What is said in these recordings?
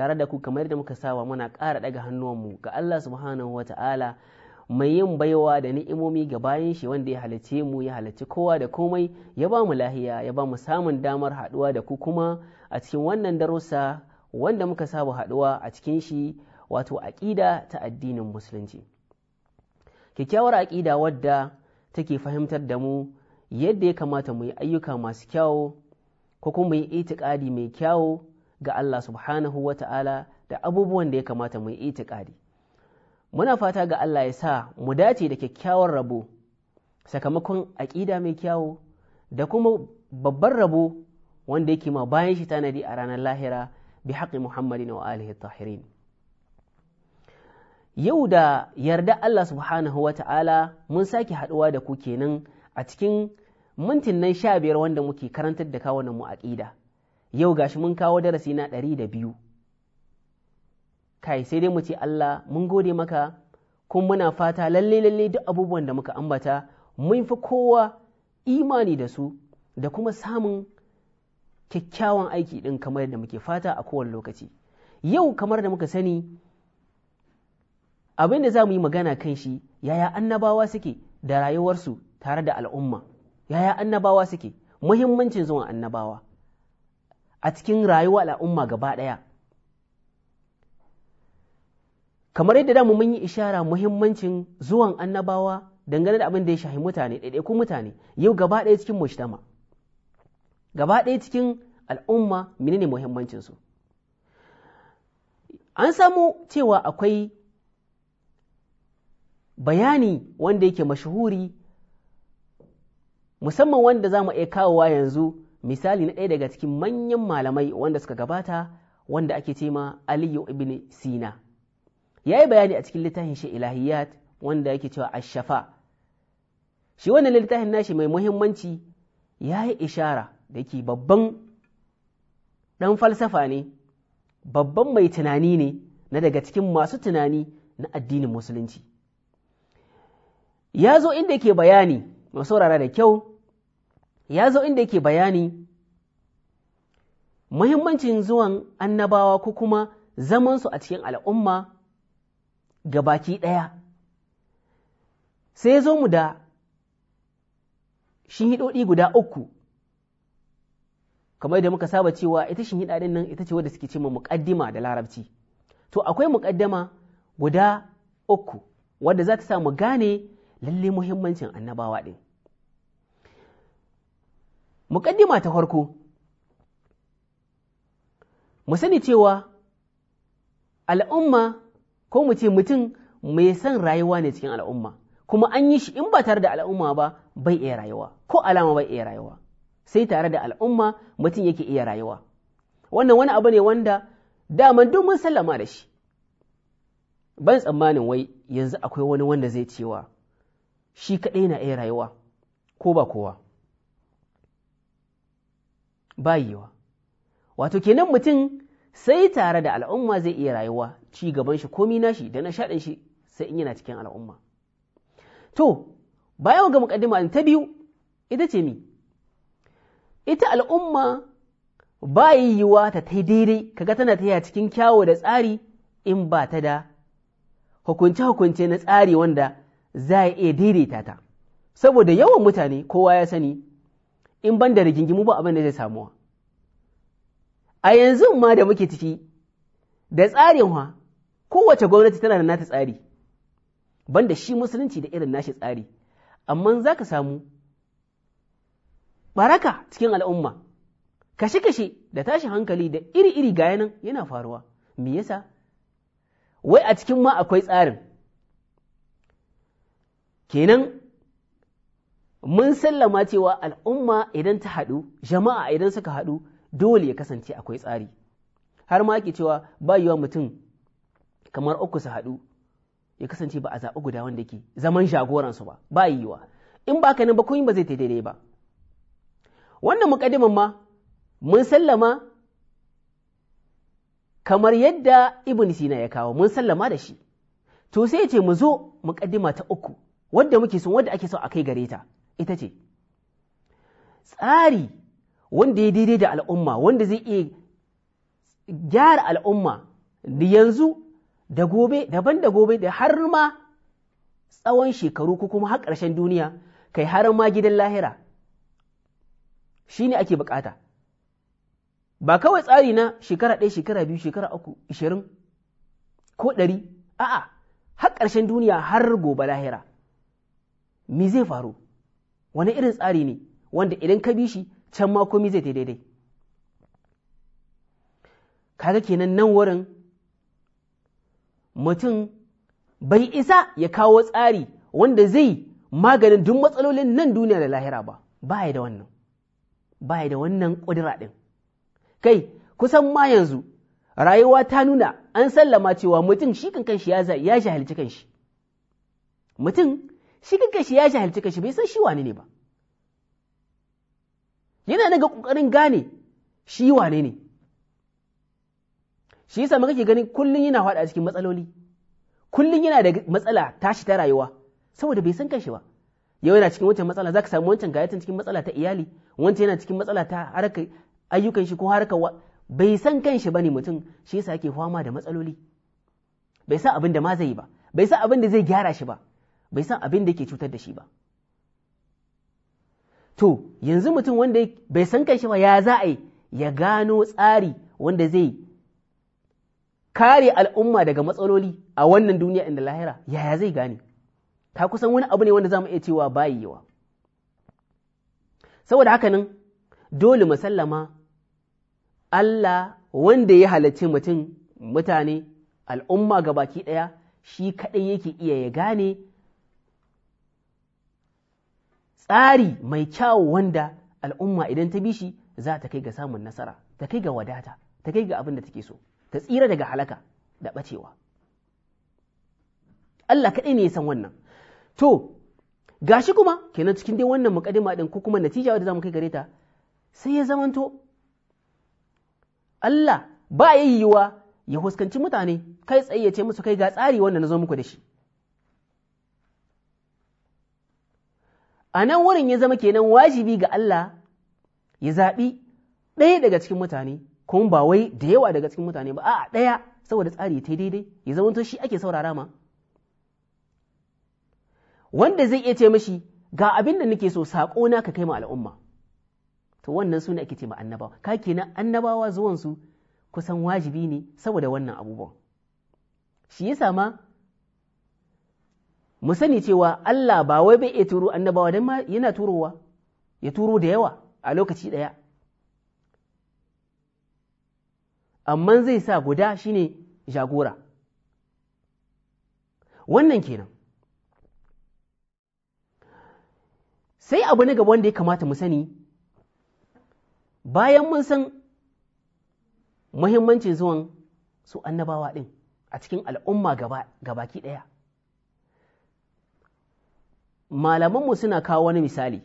tare da ku kamar da muka sawa muna ƙara ɗaga hannuwanmu ga Allah subhanahu wa ta'ala mai yin baiwa da ni'imomi ga bayan shi wanda ya halice mu ya halici kowa da komai ya ba mu lahiya ya ba mu samun damar haɗuwa da ku kuma a cikin wannan darussa wanda muka saba haɗuwa a cikin shi wato aƙida ta addinin musulunci kyakkyawar aƙida wadda take fahimtar da mu yadda ya kamata mu yi ayyuka masu kyawo ko kuma mu yi itikadi mai kyawo ga Allah subhanahu wa ta'ala da abubuwan da ya kamata mu yi itikadi muna fata ga Allah ya sa mu dace da kyakkyawar rabo sakamakon aƙida mai kyawo, da kuma babban rabo wanda yake ma bayan shi tanadi a ranar lahira bi haƙi muhammadin wa alihi tahirin yau da yarda Allah subhanahu wa ta'ala mun sake haɗuwa da ku kenan a cikin mintin nan sha biyar wanda muke karantar da kawunan mu aƙida yau gashi mun kawo darasi na ɗari da biyu kai sai dai mu ce Allah mun gode maka kuma muna fata lalle lalle duk abubuwan da muka ambata mun fi kowa imani da su da kuma samun kyakkyawan aiki ɗin kamar da muke fata a kowane lokaci yau kamar da muka sani abin da za mu yi magana kan shi yaya annabawa suke da rayuwarsu tare da al'umma yaya annabawa suke muhimmancin zuwan annabawa a cikin rayuwa al'umma gaba ɗaya kamar yadda damu mun yi ishara muhimmancin zuwan annabawa dangane da abin da ya shahi mutane ɗaiɗaikun mutane yau gaba ɗaya cikin mujtama gaba ɗaya cikin al'umma menene muhimmancinsu an samu cewa akwai bayani wanda yake mashuhuri musamman wanda za mu iya kawowa yanzu misali na ɗaya daga cikin manyan malamai wanda suka gabata wanda ake ce ma aliyu ibn sina ya yi bayani a cikin littafin shi ilahiyat wanda yake cewa ashafa shi wannan littafin nashi mai muhimmanci ya yi ishara da yake babban ɗan falsafa ne babban mai tunani ne na daga cikin masu tunani na addinin musulunci ya zo inda ke bayani masu saurara da kyau ya zo inda yake bayani muhimmancin zuwan annabawa ko kuma zaman su a cikin al'umma ga baki ɗaya sai ya zo mu da shinhiɗoɗi guda uku kamar yadda muka saba cewa ita shinhiɗa ɗin nan ita ce wadda suke cewa muƙaddima da larabci to akwai muƙaddama guda uku wadda za ta mu gane lalle muhimmancin annabawa ɗin muƙaddima ta farko mu sani cewa al'umma ko mu ce mutum mai san rayuwa ne cikin al'umma kuma an yi shi in ba tare da al'umma ba bai iya rayuwa ko alama bai iya rayuwa sai tare da al'umma mutum yake iya rayuwa wannan wani abu ne wanda daman duk mun sallama da shi ban tsammanin wai yanzu akwai wani wanda zai cewa shi kaɗai na iya rayuwa ko ba kowa ba wato kenan mutum sai tare da al'umma zai iya rayuwa ci gaban shi komi nashi da na shaɗin shi sai in yana cikin al'umma to bayan ga muƙaddima ta biyu ita ce mi ita al'umma ba yiwuwa ta ta daidai kaga tana ta cikin kyawo da tsari in ba ta da hukunce-hukunce na tsari wanda za a iya daidaita ta saboda yawan mutane kowa ya sani in ban da rigingimu ba abin da zai samuwa a yanzu ma da muke ciki da tsarin wa kowace gwamnati tana da nata tsari banda shi musulunci da irin nashi tsari amma za ka samu baraka cikin al'umma kashe-kashe da tashi hankali da iri-iri ga yanan yana faruwa me yasa wai a cikin ma akwai tsarin kenan mun sallama cewa al'umma idan ta haɗu jama'a idan suka haɗu dole ya kasance akwai tsari har ma ake cewa ba yiwa mutum kamar uku su haɗu ya kasance ba a zaɓi guda wanda ke zaman jagoransu ba ba yiwa in ba ka nan ba koyin ba zai ta daidai ba wannan muƙaddimin ma mun sallama kamar yadda ibn sina ya kawo mun sallama da shi to sai ce mu zo muƙaddima ta uku wadda muke son wadda ake so a kai gare ta ita ce tsari wanda ya daidai da al'umma wanda zai iya gyara al'umma da yanzu da gobe daban da gobe da har ma tsawon shekaru ko kuma har ƙarshen duniya kai har ma gidan lahira shi ne ake bukata ba kawai tsari na shekara ɗaya shekara biyu shekara uku ishirin ko ɗari a'a har ƙarshen duniya har gobe lahira me zai faru wani irin tsari ne wanda idan ka bi shi can ma komi zai daidai kaga kenan nan wurin mutum bai isa ya kawo tsari wanda zai maganin duk matsalolin nan duniya da lahira ba ba ya da wannan ba ya da wannan ƙudura ɗin kai kusan ma yanzu rayuwa ta nuna an sallama cewa mutum shi kan kanshi ya jahilci kanshi mutum shi kan kanshi ya jahilci kanshi bai san shi wane ne ba yana daga ƙoƙarin gane shi wane ne shi yasa muka ke ganin kullum yana faɗa a cikin matsaloli kullum yana da matsala tashi ta rayuwa saboda bai san kanshi ba yau yana cikin wancan matsala zaka samu wancan gayatan cikin matsala ta iyali wancan yana cikin matsala ta harkar ayyukan shi ko harkar bai san kanshi bane mutum shi yasa yake fama da matsaloli bai san abin da ma zai yi ba bai san abin da zai gyara shi ba bai san abin da yake cutar da shi ba to yanzu mutum wanda bai san shi ba ya za a yi ya gano tsari wanda zai kare al'umma daga matsaloli a wannan duniya inda lahira yaya zai gane ta kusan wani abu ne wanda za mu iya cewa bayi yawa saboda haka nan dole musallama Allah wanda ya halarci mutum mutane al'umma ga baki ɗaya shi kaɗai yake iya ya gane tsari mai kyawu wanda al'umma idan ta bi shi za ta kai ga samun nasara ta kai ga wadata ta kai ga abin da take so ta tsira daga halaka da ɓacewa Allah kaɗai ne ya san wannan to gashi kuma kenan cikin dai wannan muƙaddima din ko kuma natija wadda zamu kai gare ta sai ya zamanto Allah ba ya yiwuwa ya huskanci mutane kai tsaye ya ce musu kai ga tsari wanda na zo muku da shi a nan wurin ya zama kenan wajibi ga Allah ya zaɓi ɗaya daga cikin mutane kuma ba wai da yawa daga cikin mutane ba a ɗaya saboda tsari ta daidai ya zama to shi ake saurara ma wanda zai iya ce mashi ga abin da nake so saƙo na ka kai ma al'umma to wannan su ne ake ce ma annabawa ka kenan annabawa zuwansu kusan wajibi ne saboda wannan abubuwan shi yasa ma mu sani cewa Allah ba wai bai iya turo annabawa don ma yana turowa ya turo da yawa a lokaci ɗaya amma zai sa guda shine jagora wannan kenan sai abu na gaba wanda ya kamata mu sani bayan mun san muhimmancin zuwan su annabawa ɗin a cikin al'umma gabaki ɗaya malamanmu suna kawo wani misali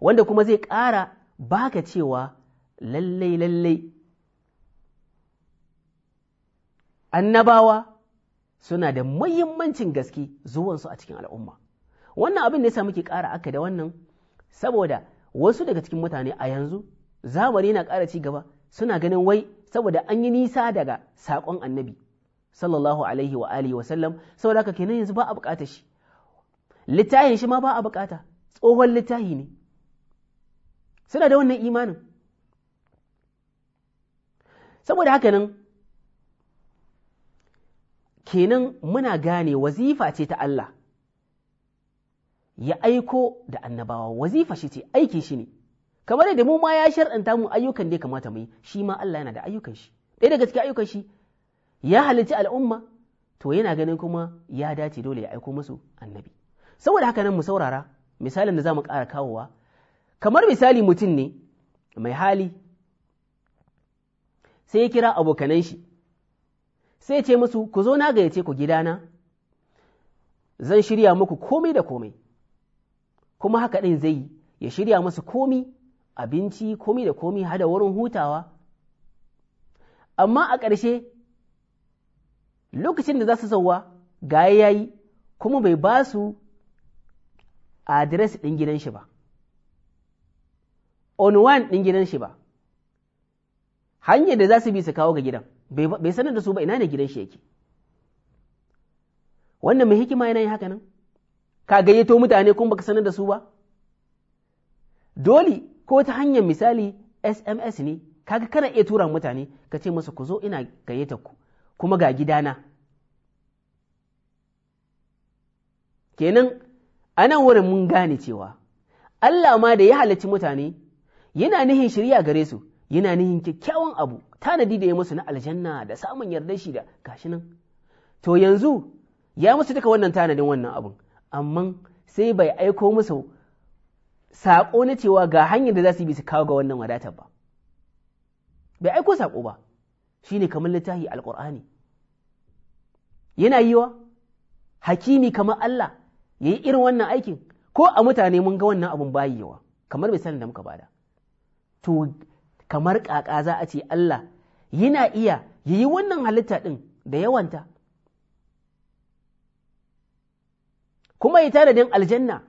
wanda kuma zai ƙara baka cewa lallai lallai annabawa suna da muhimmancin gaske zuwansu a cikin al'umma wannan abin da yasa muke ƙara aka da wannan saboda wasu daga cikin mutane a yanzu zamani na ƙara ci gaba suna ganin wai saboda an yi nisa daga saƙon annabi sallallahu alaihi wa alihi wa sallam saboda haka kenan yanzu ba a buƙatar shi littafin shi ma ba a bukata tsohon littafi ne suna da wannan imanin saboda haka nan kenan muna gane wazifa ce ta Allah ya aiko da annabawa wazifa shi ce aiki shi ne kamar da mu ma ya shar'anta mu ayyukan da ya kamata mu yi shi ma Allah yana da ayyukan shi ɗaya daga cikin ayyukan shi ya halitta al'umma to yana ganin kuma ya dace dole ya aiko musu annabi saboda haka nan mu saurara misalin da za mu ƙara kawowa kamar misali mutum ne mai hali sai ya kira abokanan shi sai ya ce musu ku zo na gayyace ku gidana zan shirya muku komai da komai kuma haka ɗin zai yi ya shirya musu komi abinci komi da komi hada wurin hutawa amma a ƙarshe lokacin da za su zauwa gaya ya kuma bai ba su Adres ɗin gidan shi ba, onwan ɗin gidan shi ba, hanyar da za su bi su kawo ga gidan, bai sanar da su ba ina ne gidan shi yake. Wannan mai hikima yana yin haka nan, ka gayyato mutane kuma baka sanar da su ba. Dole ko ta hanyar misali SMS ne, kaga kana iya tura mutane ka ce masa ku zo ina gayyata ku, kuma ga gidana. Kenan a nan wurin mun gane cewa Allah ma da ya halarci mutane yana nihin shirya gare su yana nihin kyakkyawan abu tanadi da ya musu na aljanna da samun yarda shi da gashi nan to yanzu ya musu duka wannan tanadin wannan abun amma sai bai aiko musu sako na cewa ga hanyar da za su yi su kawo ga wannan wadatar ba bai aiko sako ba shine kamar littafi alƙur'ani yana yiwa hakimi kamar Allah ya yi irin wannan aikin ko a mutane mun ga wannan abun bayi yawa kamar misalin da muka bada to kamar kaka za a ce Allah yana iya ya yi wannan halitta ɗin da yawanta kuma ya tanadin aljanna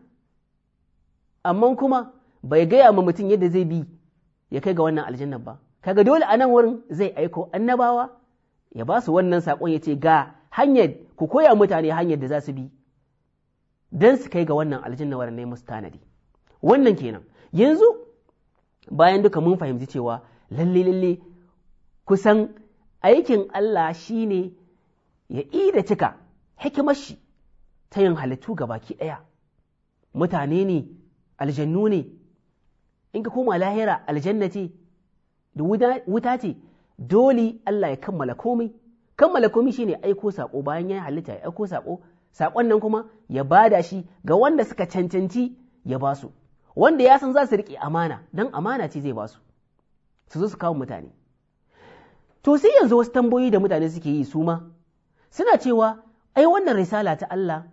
amma kuma bai gaya ma mutum yadda zai bi ya kai ga wannan aljannan ba kaga dole a nan wurin zai aiko annabawa ya ba su wannan saƙon ya ce ga hanyar ku koya mutane hanyar da za su bi don su kai ga wannan aljanna waɗanda ya musu tanadi wannan kenan yanzu bayan duka mun fahimci cewa lalle lalle kusan aikin Allah shine ya da cika hikimar shi ta yin halittu ga baki ɗaya mutane ne aljannu ne in ka koma lahira aljanna da wuta ce dole Allah ya kammala komai kammala komai shine aiko sako bayan ya yi halitta ya aiko sako saƙon nan kuma ya bada shi ga wanda suka cancanci ya ba su wanda ya san za su riƙe amana don amana ce zai ba su su zo su kawo mutane to sai yanzu wasu tambayoyi da mutane suke yi su ma suna cewa ai wannan risala ta Allah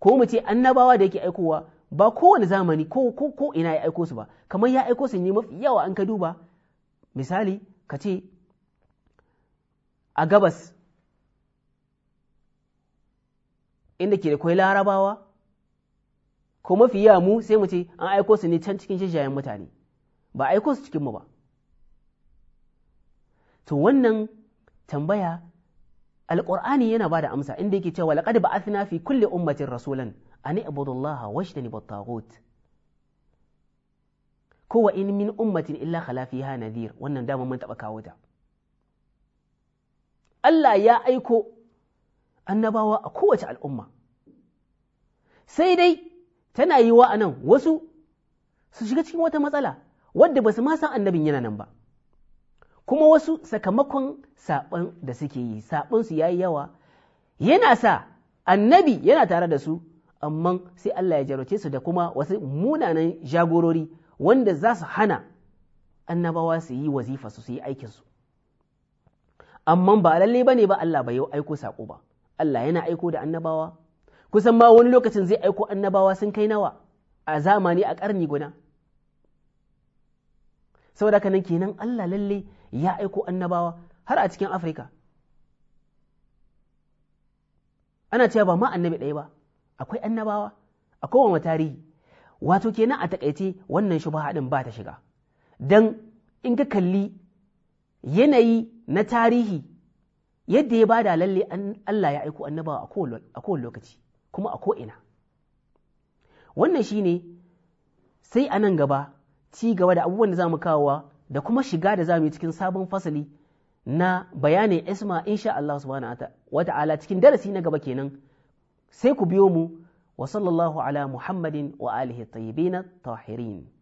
ko mu ce annabawa da yake aikowa ba kowane zamani ko ko ko ina ya aiko su ba kamar ya aiko su ne mafi yawa an ka duba misali ka ce a gabas inda ke da kwai larabawa ko mafi yawa mu sai mu ce an aiko su ne can cikin shayayen mutane ba aiko su cikinmu ba to wannan tambaya alƙur'ani yana ba da amsa inda yake cewa laqad ba'athna fi kulle ummatin rasulan ani abudullah Allah washtani battaghut ko wa in min ummatin illa khala fiha nadhir wannan dama mun taba kawo ta Allah ya aiko annabawa a kowace al'umma sai dai tana yi wa a nan wasu su shiga cikin wata matsala wadda ba su ma san annabin yana nan ba kuma wasu sakamakon saɓon da suke yi saɓonsu ya yi yawa yana sa annabi yana tare da su amma sai Allah ya jarrace su da kuma wasu munanan jagorori wanda za su hana annabawa su yi wazifa su yi aikinsu amma ba lalle ba ne ba Allah ba yi aiko saƙo ba Allah yana aiko da annabawa kusan ma wani lokacin zai aiko annabawa sun kai nawa a zamani a ƙarni guda saboda kanan kenan Allah lalle ya aiko annabawa har a cikin Afirka ana cewa ba ma annabi ɗaya ba akwai annabawa a kowane tarihi wato kenan a takaice wannan shuba haɗin ba ta shiga dan in ka kalli yanayi na tarihi yadda ya bada lalle an Allah ya aiko annabawa a kowane lokaci kuma a ko'ina wannan shine sai a nan gaba ci gaba da abubuwan da za mu kawowa da kuma shiga da za mu yi cikin sabon fasali na bayanin isma insha Allah subhanahu wa cikin darasi na gaba kenan sai ku biyo mu wa sallallahu ala muhammadin wa alihi tayyibin tahirin